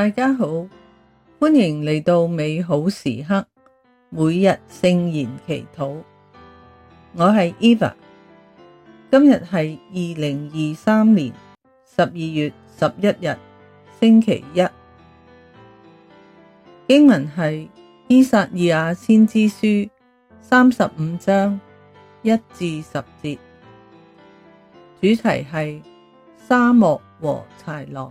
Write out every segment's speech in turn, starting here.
大家好，歡迎嚟到美好時刻，每日聖言祈禱。我係 Eva，今日係二零二三年十二月十一日，星期一。經文係《依撒意亞先知書》三十五章一至十節，主題係沙漠和豺狼。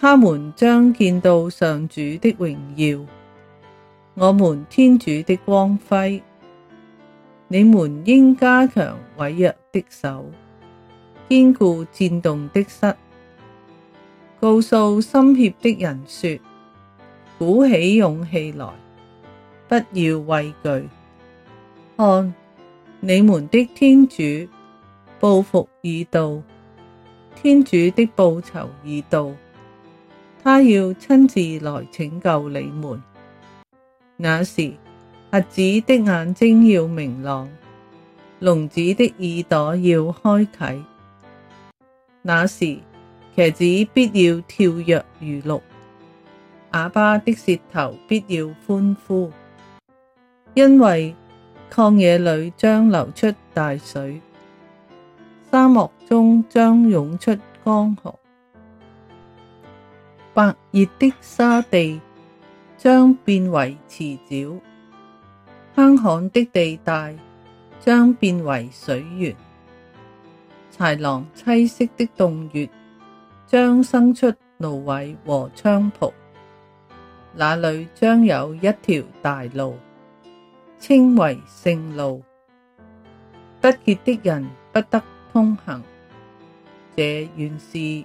他們將見到上主的榮耀，我們天主的光輝。你們應加強痿弱的手，堅固顫動的膝。告訴心怯的人說：鼓起勇氣來，不要畏懼。看你們的天主，報復已到，天主的報酬已到。他要親自來拯救你們。那時，瞎子的眼睛要明朗，聾子的耳朵要開啟。那時，瘸子必要跳躍如鹿，啞巴的舌頭必要歡呼，因為，曠野裏將流出大水，沙漠中將湧出江河。白熱的沙地將變為池沼，炕旱的地帶將變為水源。豺狼棲息的洞穴將生出蘆葦和菖蒲。那裏將有一條大路，稱為聖路，不潔的人不得通行。這原是。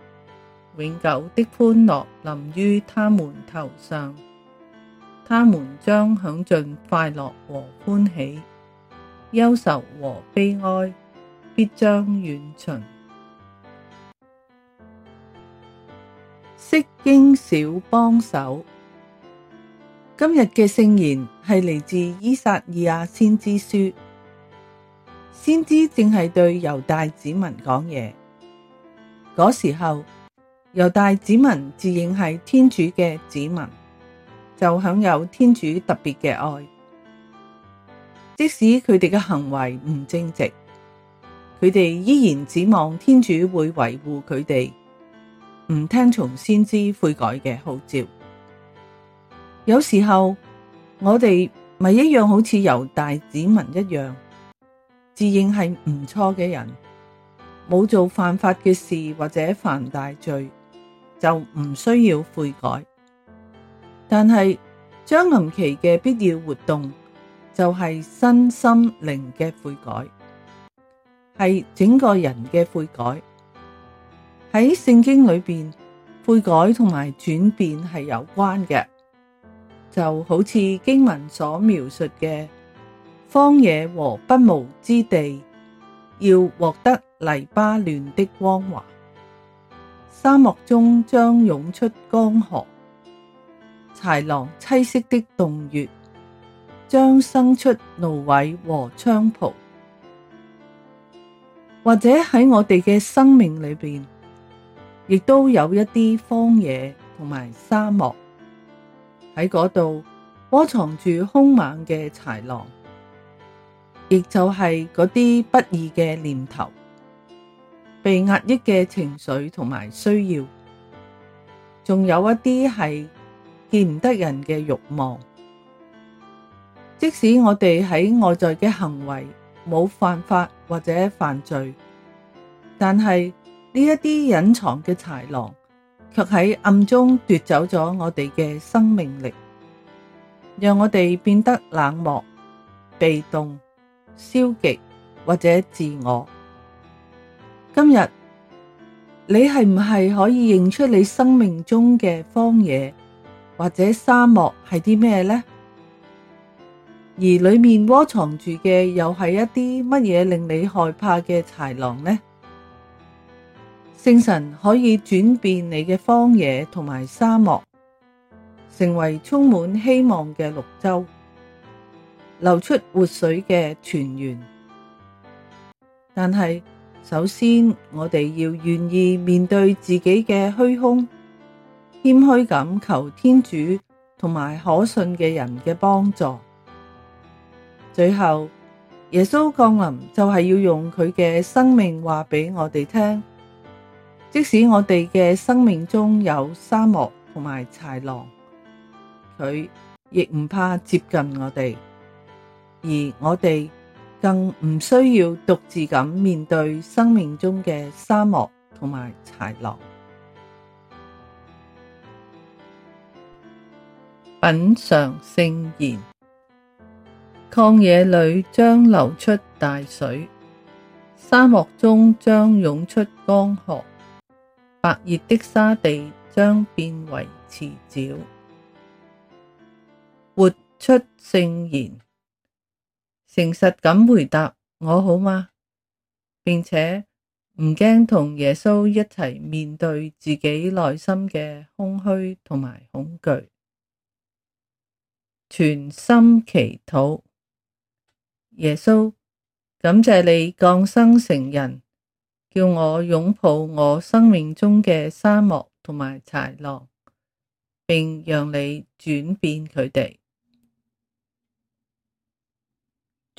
永久的歡樂臨於他們頭上，他們將享盡快樂和歡喜，憂愁和悲哀必將遠遁。釋經小幫手，今日嘅聖言係嚟自依撒意亞先知書，先知正係對猶大子民講嘢，嗰時候。猶大子民自認係天主嘅子民，就享有天主特別嘅愛。即使佢哋嘅行為唔正直，佢哋依然指望天主會維護佢哋，唔聽從先知悔改嘅號召。有時候我哋咪一樣好似猶大子民一樣，自認係唔錯嘅人，冇做犯法嘅事或者犯大罪。就唔需要悔改，但係將臨期嘅必要活動就係身心靈嘅悔改，係整個人嘅悔改。喺聖經裏邊，悔改同埋轉變係有關嘅，就好似經文所描述嘅「荒野和不毛之地，要獲得黎巴嫩的光華。沙漠中將湧出江河，豺狼棲息的洞穴將生出蘆葦和菖蒲，或者喺我哋嘅生命裏邊，亦都有一啲荒野同埋沙漠喺嗰度窩藏住凶猛嘅豺狼，亦就係嗰啲不義嘅念頭。被壓抑嘅情緒同埋需要，仲有一啲係見唔得人嘅欲望。即使我哋喺外在嘅行為冇犯法或者犯罪，但係呢一啲隱藏嘅豺狼，卻喺暗中奪走咗我哋嘅生命力，讓我哋變得冷漠、被動、消極或者自我。今日你係唔係可以認出你生命中嘅荒野或者沙漠係啲咩呢？而裏面窩藏住嘅又係一啲乜嘢令你害怕嘅豺狼呢？聖神可以轉變你嘅荒野同埋沙漠，成為充滿希望嘅綠洲，流出活水嘅泉源。但係。首先，我哋要願意面對自己嘅虛空，謙虛咁求天主同埋可信嘅人嘅幫助。最後，耶穌降臨就係要用佢嘅生命話俾我哋聽，即使我哋嘅生命中有沙漠同埋豺狼，佢亦唔怕接近我哋，而我哋。更唔需要獨自咁面對生命中嘅沙漠同埋豺狼，品嚐聖言。曠野裏將流出大水，沙漠中將湧出江河，白熱的沙地將變為池沼，活出聖言。誠實咁回答我好嗎？並且唔驚同耶穌一齊面對自己內心嘅空虛同埋恐懼。全心祈禱，耶穌，感謝你降生成人，叫我擁抱我生命中嘅沙漠同埋豺狼，並讓你轉變佢哋。